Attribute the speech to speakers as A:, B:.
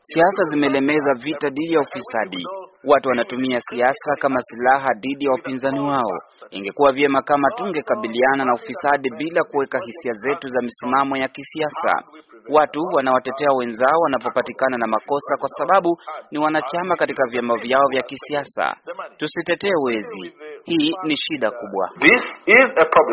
A: Siasa
B: zimelemeza vita dhidi ya ufisadi. Watu wanatumia siasa kama silaha dhidi ya wapinzani wao. Ingekuwa vyema kama tungekabiliana na ufisadi bila kuweka hisia zetu za misimamo ya kisiasa. Watu wanawatetea wenzao wanapopatikana na makosa kwa sababu ni wanachama katika vyama vyao vya kisiasa. Tusitetee wezi. Hii ni shida kubwa.
C: This is a problem.